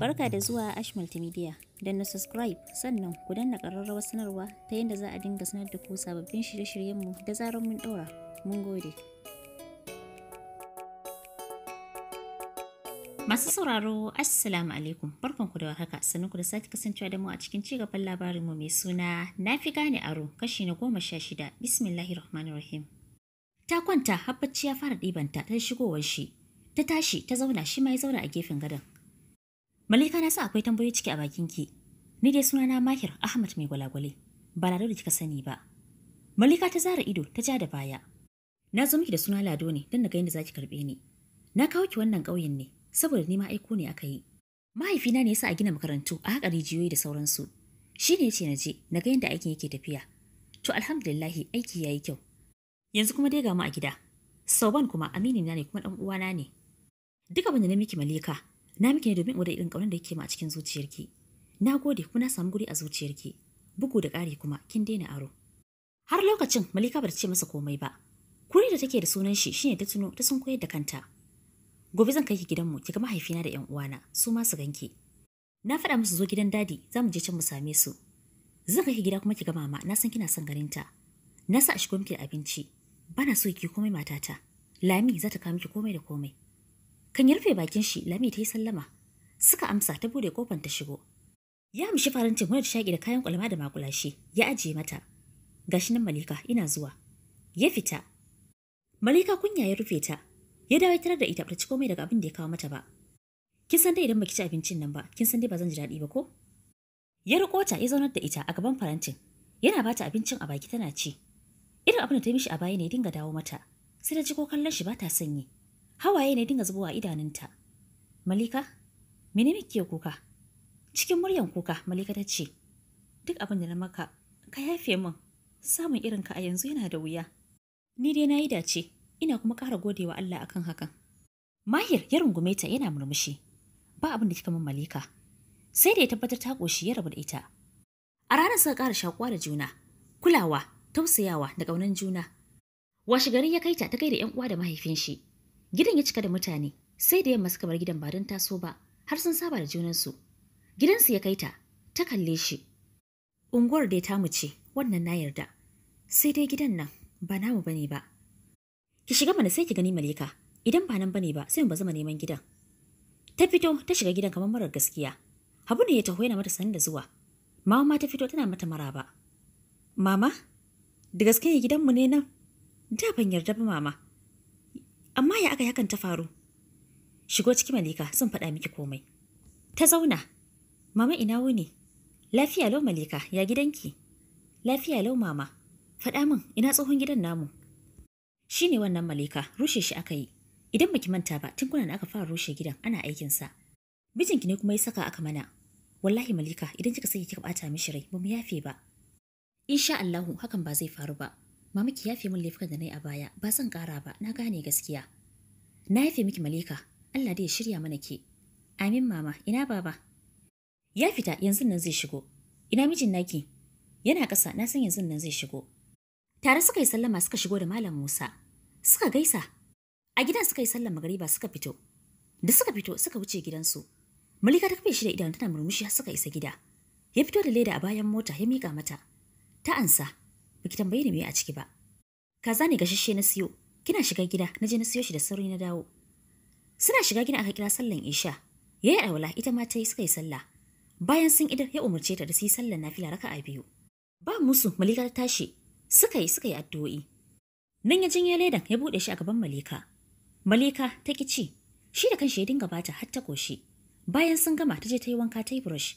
Barka da zuwa Ash Multimedia. Don na subscribe sannan ku danna ƙararrawar sanarwa ta yadda za a dinga sanar da ku sababbin shirye-shiryenmu da zarar mun ɗora. Mun gode. Masu sauraro, Assalamu alaikum. Barkanku da warhaka. Sannan ku da sake kasancewa da mu a cikin cigaban labarinmu mai suna na fi gane aro kashi na goma sha shida. rahim. Ta kwanta habbaci ya fara ɗibanta ta shigowar shi. Ta tashi ta zauna shi ma ya zauna a gefen gadon. Malika na sa akwai tambayoyi ciki a bakin ki. Ni dai sunana Mahir Ahmad mai gwalagwale. Ba Lado da kika sani ba. Malika ta zara ido ta ja da baya. Na zo miki da suna Lado ne don na ga yadda zaki karbe ni. Na kawo ki wannan ƙauyen ne saboda nima aiko ne aka yi. Mahaifina ne yasa a gina makarantu a haƙa rijiyoyi da sauransu. Shi ne ce na je na ga yadda aikin yake tafiya. To alhamdulillahi aiki ya yi kyau. Yanzu kuma dai ga mu a gida. Sauban kuma amini na ne kuma ɗan uwana ne. Duka abin da na miki Malika Na miki ne domin wadda irin ƙaunar da yake ma a cikin zuciyarki. Na gode kuma na samu guri a zuciyarki. Bugu da ƙari kuma kin daina aro. Har lokacin Malika bata ce masa komai ba. Kuri da take da sunan shi shine ta tuno ta sun koyar da kanta. Gobe zan kai ki gidanmu ki ga mahaifina da 'yan uwana su ma su ganki. Na faɗa musu zo gidan dadi za mu je can mu same su. Zan kai ki gida kuma ki ga mama na san kina son ganin ta Na sa a shigo miki da abinci. Bana so ki komai matata. Lami za ta kawo miki komai da komai. Kan ya rufe bakin shi Lami ta yi sallama. Suka amsa ta bude kofar ta shigo. Ya amshi farantin wani shagi da kayan kwalama da makulashi ya ajiye mata. Gashi nan Malika ina zuwa. Ya fita. Malika kunya ya rufe ta. Ya dawo tare da ita ba ci komai daga abin da ya kawo mata ba. Kin san dai idan baki ci abincin nan ba, kin san dai ba zan ji daɗi ba ko? Ya riko ta ya zaunar da ita a gaban farantin. Yana bata abincin a baki tana ci. Irin abin da ta yi mishi a baya ne dinga dawo mata. Sai da ji ko kallon shi ba ta sanyi. Hawaye ne dinga zubowa idanunta. Malika, mene muke kuka? Cikin muryan kuka, Malika ta ce, Duk abin da na maka, ka yafe min, samun irin ka a yanzu yana da wuya. Ni dai na yi dace, ina kuma ƙara godewa Allah akan hakan. Mahir ya rungume ta yana murmushi, ba abin da kika min Malika. Sai da ya tabbatar ta ƙoshi ya rabu da ita. A ranar suka ƙara shakuwa da juna, kulawa, tausayawa da ƙaunar juna. Washe gari ya kai ta ta kai da ‘yan uwa da mahaifin shi, Gidan ya cika da mutane, sai da yamma suka bar gidan ba don taso ba, har sun saba da junansu. Gidansu ya kai ta, ta kalle shi. Unguwar dai tamu ce, wannan na yarda. Sai dai gidan nan, ba namu bane ba. Ki shiga mana sai ki gani Malika, idan ba nan bane ba sai mu ba zama neman gidan. Ta fito ta shiga gidan kamar marar gaskiya. Habu ne ya taho yana mata sanin da zuwa. Mama ma ta fito tana mata mara ba. Mama, da gaske gidanmu ne nan? Da ban yarda ba mama. amma ya aka hakan ta faru shigo ciki malika sun faɗa miki komai ta zauna mama ina wuni lafiya lau malika ya gidanki lafiya lau mama faɗa min ina tsohon gidan namu shi ne wannan malika rushe shi aka yi idan baki manta ba tun kuna da aka fara rushe gidan ana aikin aikinsa mijinki ne kuma ya saka aka mana wallahi malika idan kika sai kika bata mishi rai ba mu yafe ba insha Allahu hakan ba zai faru ba Mama ki yafe min laifukan da na yi a baya, ba zan ƙara ba, na gane gaskiya. Na yafe miki Malika, Allah dai ya shirya mana ke. Amin mama, ina baba. Ya fita yanzu nan zai shigo. Ina mijin naki? Yana ƙasa, na san yanzu nan zai shigo. Tare suka yi sallama suka shigo da Malam Musa. Suka gaisa. A gidan suka yi gari magariba suka fito. Da suka fito suka wuce gidansu. Malika ta kafe shi da idan tana murmushi har suka isa gida. Ya fito da leda a bayan mota ya mika mata. Ta ansa. ba ki tambaye ni me a ciki ba. Kaza ne gashashe na siyo, kina shiga gida na je na siyo shi da sauri na dawo. Suna shiga gida aka kira sallan Isha, ya yi wala ita ma ta yi suka yi sallah. Bayan sun idar ya umarce ta da su yi sallan nafila raka a biyu. Ba musu malika ta tashi, suka yi suka yi addu'o'i. Nan ya janyo ledan ya buɗe shi a gaban malika. Malika ta ki ci, shi da kanshi ya dinga bata har ta koshi. Bayan sun gama ta je ta yi wanka ta yi brush.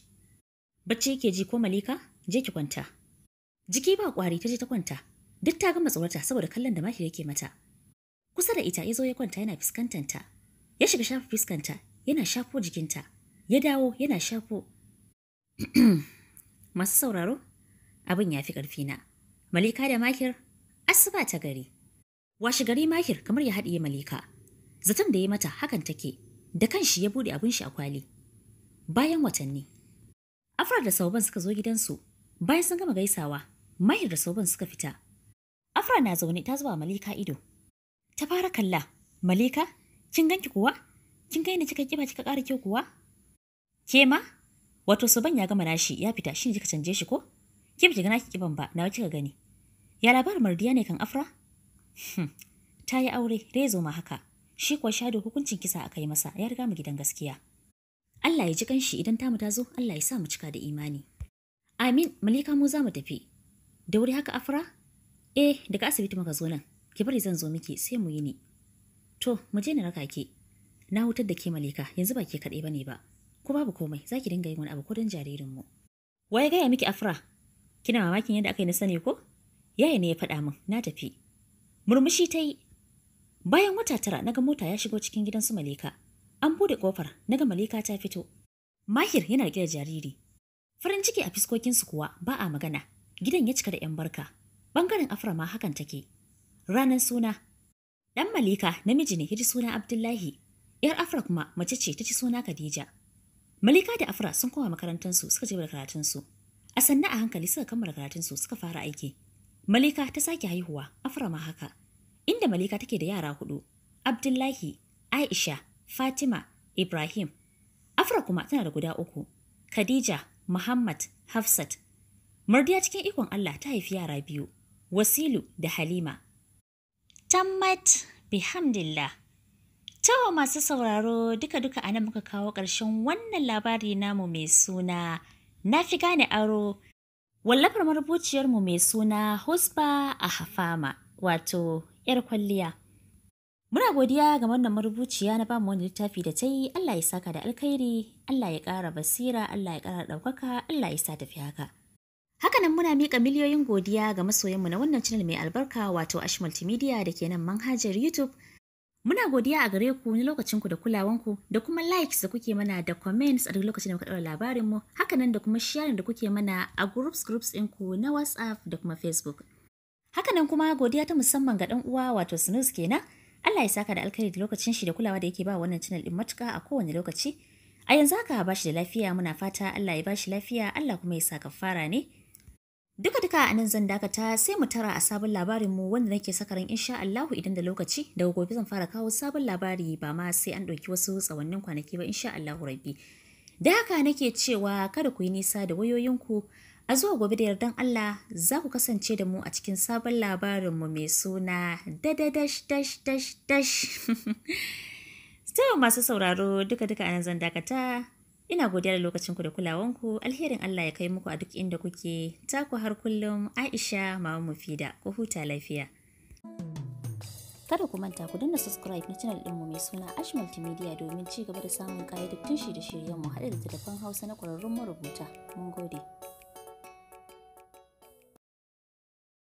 Bacci yake ji ko malika? Je ki kwanta. Jiki ba ƙwari ta je ta kwanta, duk ta gama tsorata saboda kallon da Mahir yake mata. Kusa da ita ya zo ya kwanta yana fuskantanta. Ya shiga shafa fuskanta, yana shafo jikinta. Ya dawo yana shafo. Masu sauraro, abin ya fi na. Malika da Mahir, asuba ta gari. Washi gari Mahir kamar ya haɗiye Malika. Zaton da ya mata hakan take, da kanshi ya buɗe abin shi a kwali. Bayan watanni, Afra da Sauban suka zo gidansu, bayan sun gama gaisawa, Mahir da Soban suka fita. Afra na zaune ta zuba Malika ido. Ta fara kalla, Malika, kin ganki kuwa? Kin kai ni kika kiba kika ƙara kyau kuwa? Ke ma? Wato Soban ya gama nashi ya fita shi ne kika canje shi ko? Ki ba ki gana ki kiban ba, nawa kika gani. Ya labar mardiya ne kan Afra? Hmm, ta yi aure, rezo ma haka. Shi kuwa shado hukuncin kisa aka yi masa, ya riga mu gidan gaskiya. Allah ya ji kanshi idan tamu ta zo, Allah ya sa mu cika da imani. Amin, Malika mu za mu tafi. Da wuri haka Afra? Eh, daga asibiti muka zo nan. Ki bari zan zo miki sai mu yi ni. To, mu je na raka ki. Na hutar da ke Malika, yanzu ba ke kaɗai bane ba. Ko babu komai, za ki dinga yin wani abu ko don jaririnmu. Waye gaya miki Afra? Kina mamakin yadda aka yi na sani ko? Yaya ne ya faɗa min, na tafi. Murmushi ta yi. Bayan wata tara naga mota ya shigo cikin gidan su Malika. An bude kofar naga Malika ta fito. Mahir yana riƙe da jariri. Farin ciki a fiskokinsu kuwa ba a magana, gidan ya cika da 'yan barka. Bangaren Afra ma hakan take. Ranar suna. ɗan Malika namiji ne ya ji suna Abdullahi. ‘Yar Afra kuma mace ce ta ci suna Khadija. Malika da Afra sun koma makarantarsu suka je da karatunsu. A sannan a hankali suka kammala karatunsu suka fara aiki. Malika ta sake haihuwa, Afra ma haka. Inda Malika take da yara hudu, Abdullahi, Aisha, Fatima, Ibrahim. Afra kuma tana da guda uku, Khadija, Muhammad, Hafsat, Murdiya cikin ikon Allah ta haifi yara biyu, Wasilu da Halima. Tammat bihamdillah. Tawa masu sauraro duka-duka a nan muka kawo ƙarshen wannan labari namu mai suna na fi gane aro wallafar marubuciyarmu mai suna Husba a Hafama wato ‘yar kwalliya. Muna godiya ga wannan marubuciya na bamu wani littafi da ta yi Allah ya saka da alkhairi, Allah ya ƙara basira, Allah ya ƙara ɗaukaka, Allah ya sa tafi haka. Hakanan muna miƙa miliyoyin godiya ga masoyanmu na wannan channel mai albarka wato Ash Multimedia da ke nan manhajar YouTube. Muna godiya a gare ku na ku da kulawanku da kuma likes da kuke mana da comments a duk lokacin da muka ɗaura labarinmu, hakanan da kuma sharing da kuke mana a groups groups ɗinku na WhatsApp da kuma Facebook. Hakanan kuma godiya ta musamman ga ɗan uwa wato Snooze kenan. Allah ya saka da alkhairi da lokacin shi da kulawa da yake ba wannan channel ɗin matuƙa a kowane lokaci. A yanzu haka ba shi da lafiya muna fata Allah ya ba shi lafiya Allah kuma ya sa fara ne. Duka duka a nan zan dakata sai mu tara a sabon labarin mu wanda nake sakarin insha Allah idan da lokaci daga gobe zan fara kawo sabon labari ba ma sai an ɗauki wasu tsawannin kwanaki ba insha rabi rabbi. Da haka nake cewa kada ku yi nisa da wayoyinku a zuwa gobe da yardan Allah za ku kasance da mu a cikin sabon labarin mu mai suna da dash dash dash masu sauraro duka duka a nan zan dakata Ina godiya da lokacinku da kulawanku, alherin Allah ya kai muku a duk inda kuke, taku har kullum Aisha Mama Mufida, ku huta lafiya. Kada ku manta ku danna subscribe na channel ɗinmu mai suna Ash Multimedia domin ci gaba da samun kayyadattun shi da shiryenmu haɗe da telefon Hausa na ƙwararrun marubuta. Mun gode.